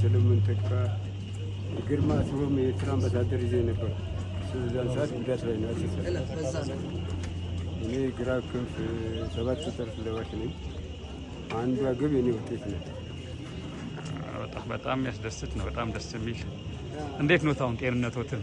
ሰለሞን ተካ፣ ግርማ ሲሆን የኤርትራ አምባሳደር ይዜ ነበር። እዛን ሰዓት ጉዳት ላይ ነው። እኔ ግራ ክንፍ ሰባት ጠርፍ ለባሽ ነኝ። አንዷ ግብ የኔ ውጤት ነው። በጣም የሚያስደስት ነው። በጣም ደስ የሚል እንዴት ነው አሁን ጤንነቶትን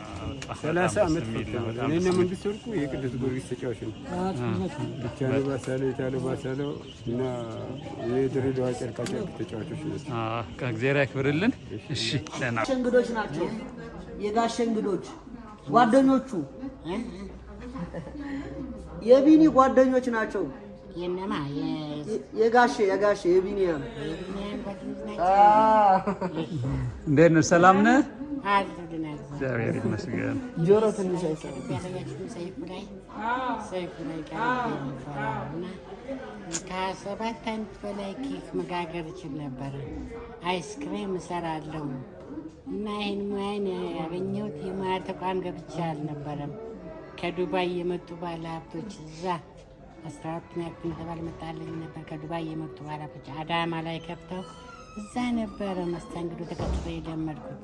ሰላሳ ዓመት እኔና መንግስት ወርቁ የቅዱስ ጊዮርጊስ ተጫዋች ነው። ብቻ ነው ባሳለው የታለ ባሳለው እና የድሬዳዋ ጨርቃጨርቅ ተጫዋቾች ናቸው። ከእግዜር ያክብርልን። እሺ ሸንግዶች ናቸው። የጋሽ ሸንግዶች ጓደኞቹ የቢኒ ጓደኞች ናቸው። የጋሼ የጋሼ የቢኒያም እንዴት ነው? ሰላም ነህ? እግዚአብሔር ይመስገን። ጆሮ ትንሽ አይሰማም። ከሰባት ዓመት በላይ ኬክ መጋገር እችል ነበረ። አይስክሬም እሰራለሁ እና ይህን ሙያን ያገኘሁት የሙያ ተቋም ገብቼ አልነበረም። ከዱባይ የመጡ ባለ ሀብቶች እዛ አስራ ሁለተኛ ክፍል ተባል መጣለኝ ነበር። ከዱባይ የመጡ ባለ አዳማ ላይ ከፍተው እዛ ነበረ መስተንግዶ ተከትሎ የለመድኩት።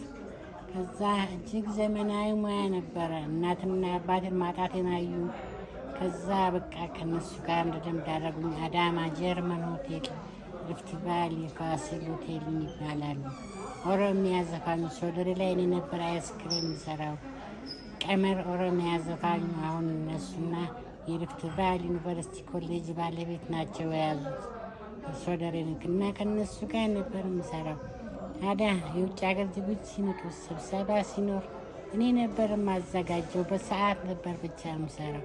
ከዛ እጅግ ዘመናዊ ሙያ ነበረ። እናትና አባትን ማጣቴን አዩ። ከዛ በቃ ከነሱ ጋር እንደደምድ አደረጉኝ። አዳማ ጀርመን ሆቴል፣ ሪፍት ቫሊ ፋሲል ሆቴል ይባላሉ። ኦሮሚያ ዘፋኙ ሶደሪ ላይ እኔ ነበር አይስክሬም የሚሰራው። ቀመር ኦሮሚያ ዘፋኙ አሁን እነሱና የሪፍት ቫሊ ዩኒቨርሲቲ ኮሌጅ ባለቤት ናቸው የያዙት ሶደሬ እና ከነሱ ጋር ነበር የምሰራው። አዳ የውጭ ሀገር ዜጎች ሲመጡ ስብሰባ ሲኖር እኔ ነበር የማዘጋጀው። በሰዓት ነበር ብቻ የምሰራው።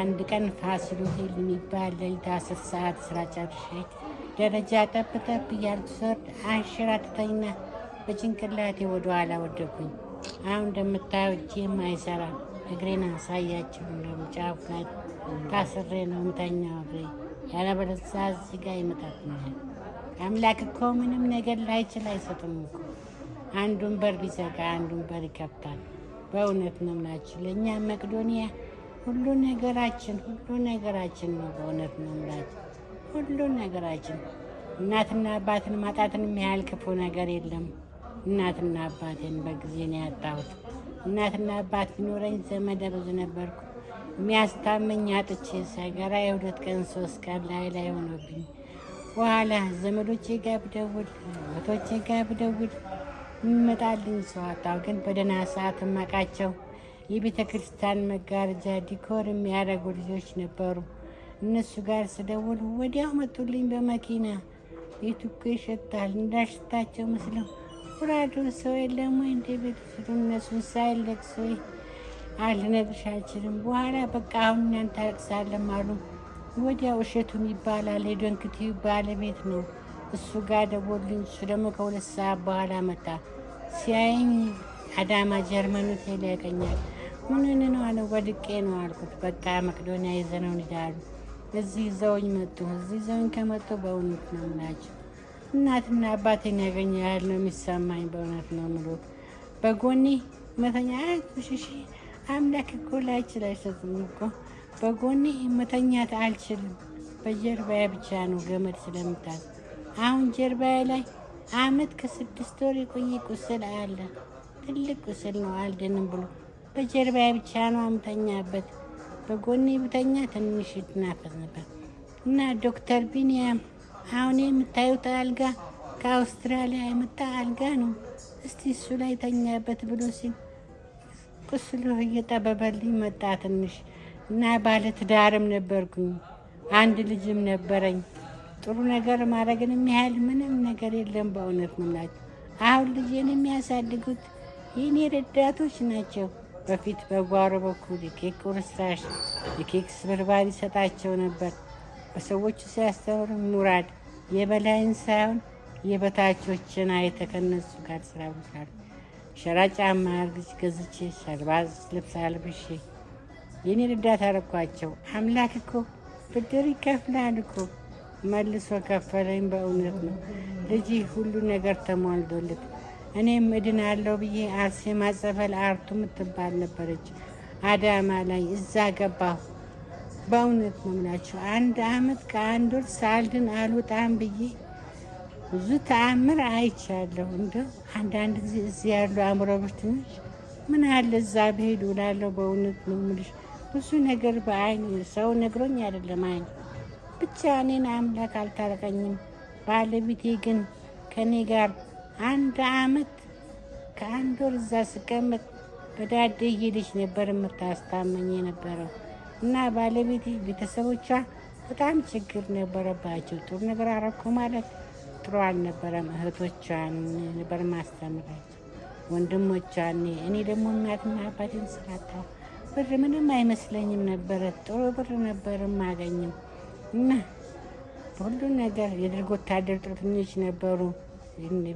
አንድ ቀን ፋሲል ሆቴል የሚባል ለሊት አስር ሰዓት ስራ ጨርሼ ደረጃ ጠብ ጠብ እያልኩ ስወርድ አንሸራትተኝና በጭንቅላቴ ወደ ኋላ ወደኩኝ። አሁን እንደምታየው እጄም አይሰራም። እግሬን አሳያቸው እንደም ጫፍ ላይ ታስሬ ነው ምተኛው። እግሬ ያለበለዚያ እዚህ ጋ ይመጣብኛል። አምላክ እኮ ምንም ነገር ላይችል አይሰጥም እኮ። አንዱን በር ቢዘጋ አንዱን በር ይከፍታል። በእውነት ነው የምላችሁ ለእኛ መቅዶኒያ ሁሉ ነገራችን ሁሉ ነገራችን ነው። በእውነት ነው የምላችሁ ሁሉ ነገራችን እናትና አባትን ማጣትን የሚያህል ክፉ ነገር የለም። እናትና አባቴን በጊዜ ነው ያጣሁት። እናትና አባት ቢኖረኝ ዘመደ ብዙ ነበርኩ። የሚያስታመኝ አጥቼ ሰገራ የሁለት ቀን ሶስት ቀን ላይ ላይ ሆኖብኝ በኋላ ዘመዶቼ ጋር ብደውል ወቶቼ ጋር ብደውል የሚመጣልኝ ሰው አጣሁ። ግን በደህና ሰዓት እማቃቸው የቤተ ክርስቲያን መጋረጃ ዲኮር የሚያደርጉ ልጆች ነበሩ። እነሱ ጋር ስደውል ወዲያው መጡልኝ በመኪና። ቤቱ እኮ ይሸታል እንዳሽታቸው መስለው ኩራዶ ሰው የለም ወይ እንደ ቤት ስሉ እነሱን ሳይለቅ ሰው አልነግርሽ አልችልም። በኋላ በቃ አሁን እናንተ አለቅሳለም አሉ። ወዲያ ውሸቱም ይባላል። የደንክትዩ ባለቤት ነው። እሱ ጋር ደወልኩኝ። እሱ ደግሞ ከሁለት ሰዓት በኋላ መጣ። ሲያይኝ አዳማ ጀርመኑ ቴሌ ያቀኛል። ምንን ነው አለ። ወድቄ ነው አልኩት። በቃ መቅዶኒያ ይዘነው እንሄዳሉ። እዚህ ይዘውኝ መጡ። እዚህ ይዘውኝ ከመጡ በእውነት ነው የምላቸው እናትና አባቴን ያገኘ ያህል ነው የሚሰማኝ። በእውነት ነው ምሎ በጎኔ መተኛ ሽሺ አምላክ እኮ ላይ ይችላል ሰትም እኮ በጎኔ መተኛት አልችልም። በጀርባዬ ብቻ ነው ገመድ ስለምታዝ። አሁን ጀርባዬ ላይ አመት ከስድስት ወር የቆየ ቁስል አለ። ትልቅ ቁስል ነው፣ አልድንም ብሎ በጀርባዬ ብቻ ነው አምተኛበት። በጎኔ ብተኛ ትንሽ ይናፈስ ነበር እና ዶክተር ቢንያም አሁን የምታዩት አልጋ ከአውስትራሊያ የመጣ አልጋ ነው፣ እስቲ እሱ ላይ ተኛበት ብሎ ሲል ቁስሉ እየጠበበልኝ መጣ ትንሽ እና ባለ ትዳርም ነበርኩኝ። አንድ ልጅም ነበረኝ። ጥሩ ነገር ማድረግን የሚያህል ምንም ነገር የለም። በእውነት ምናቸው አሁን ልጄን የሚያሳድጉት የኔ ረዳቶች ናቸው። በፊት በጓሮ በኩል የኬክ ቁርስራሽ፣ የኬክ ስብርባሪ ይሰጣቸው ነበር። በሰዎቹ ሲያስተምር ሙራድ የበላይን ሳይሆን የበታቾችን አይተ ጋር ስራ ብቻ ገዝቼ ሸልባዝ ልብስ አልብሼ የኔ እርዳታ አረኳቸው። አምላክ እኮ ብድር ይከፍላል እኮ መልሶ ከፈለኝ። በእውነት ነው ልጅ ሁሉ ነገር ተሟልቶለት እኔም እድን አለው ብዬ አርሴማ ጸበል አርቱ የምትባል ነበረች አዳማ ላይ እዛ ገባሁ። በእውነት ነው ምላቸው አንድ አመት ከአንድ ወር ሳልድን አልወጣም ብዬ ብዙ ተአምር አይቻለሁ። እንደው አንዳንድ ጊዜ እዚህ ያሉ አእምሮ ብርተኞች ምን አለ እዛ ብሄድ ውላለሁ። በእውነት ነው የምልሽ። ብዙ ነገር በአይን ሰው ነግሮኝ አይደለም። አይን ብቻ እኔን አምላክ አልታረቀኝም። ባለቤቴ ግን ከእኔ ጋር አንድ አመት ከአንድ ወር እዛ ስቀመጥ በዳዴ እየሄደች ነበር የምታስታመኝ የነበረው እና ባለቤቴ ቤተሰቦቿ በጣም ችግር ነበረባቸው። ጥሩ ነገር አረኩ ማለት ጥሩ አልነበረም። እህቶቿን ነበር ማስተምራቸው፣ ወንድሞቿን። እኔ ደግሞ እናትና አባቴን ብር ምንም አይመስለኝም ነበረ። ጥሩ ብር ነበር ማገኝም እና ሁሉ ነገር የደርግ ወታደር ጥርተኞች ነበሩ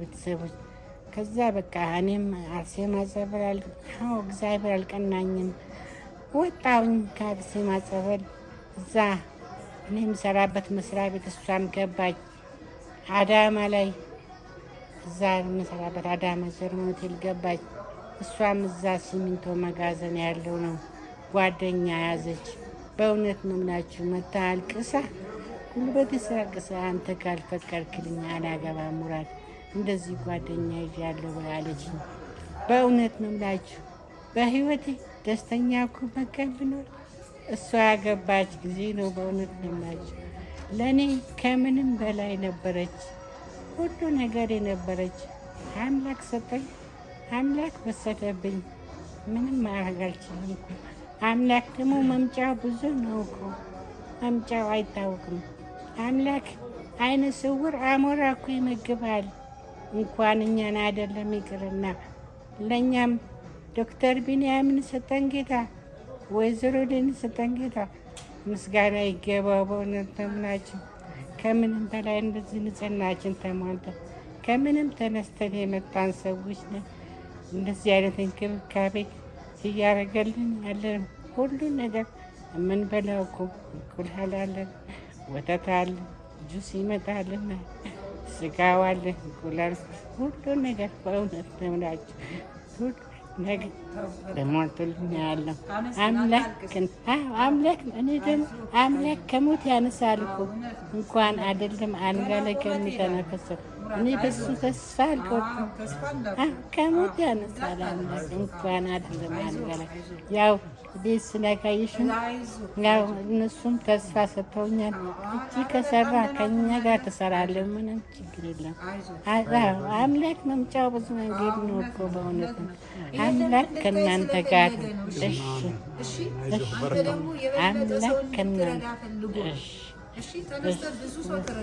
ቤተሰቦች። ከዛ በቃ እኔም አርሴማ ጸበል ው እግዚአብሔር አልቀናኝም። ወጣውኝ ከአርሴማ ጸበል እዛ እኔ የምሰራበት መስሪያ ቤት እሷም ገባች አዳማ ላይ እዛ የምሰራበት አዳማ ጀርመኖቴል ገባች። እሷም እዛ ሲሚንቶ መጋዘን ያለው ነው ጓደኛ ያዘች። በእውነት ነው ምላችሁ መታ አልቅሳ ጉልበት ስራቅሳ አንተ ካልፈቀድክልኝ አላገባ ሙራት እንደዚህ ጓደኛ ይዣለሁ ብላለች። በእውነት ነው ምላችሁ በህይወቴ ደስተኛ እኮ መቀን ብኖር እሷ ያገባች ጊዜ ነው። በእውነት ነው ምላችሁ ለእኔ ከምንም በላይ ነበረች፣ ሁሉ ነገር የነበረች። አምላክ ሰጠኝ፣ አምላክ ወሰደብኝ። ምንም ማድረግ አልችልም። አምላክ ደግሞ መምጫው ብዙ ነው እኮ መምጫው አይታወቅም። አምላክ አይነ ስውር አሞራ እኮ ይመግባል። እንኳን እኛን አይደለም ይቅርና ለእኛም ዶክተር ቢንያምን ሰጠን ጌታ፣ ወይዘሮ ሊን ሰጠን ጌታ። ምስጋና ይገባው በእውነት ናቸው። ከምንም በላይ እንደዚህ ንጽህናችን ተሟልተ ከምንም ተነስተን የመጣን ሰዎች እንደዚህ አይነት እንክብካቤ እያደረገልን ያለን ሁሉ ነገር የምንበላው እኮ እንቁላል አለን፣ ወተት አለ፣ ጁስ ይመጣልና ስጋው አለ፣ እንቁላል ሁሉ ነገር በእውነት ነምላችሁ ሁሉ ነገር ተሟልቶልን ያለው አምላክን አምላክ እኔ ደግሞ አምላክ ከሞት ያነሳል እኮ እንኳን አይደለም አንጋለ ላይ ከሚተነፈሰው እኔ በሱ ተስፋ አልቆርኩም። ከሞት ያነሳል እንኳን አይደለም አልበላ ያው ቤት ስላካየሽን ያው እነሱም ተስፋ ሰጥተውኛል። እቺ ከሰራ ከኛ ጋር ትሰራለህ፣ ምንም ችግር የለም። አምላክ መምጫው ብዙ መንገድ ነው እኮ በእውነት አምላክ ከእናንተ ጋር እሺ፣ አምላክ ከእናንተ እሺ፣ እሺ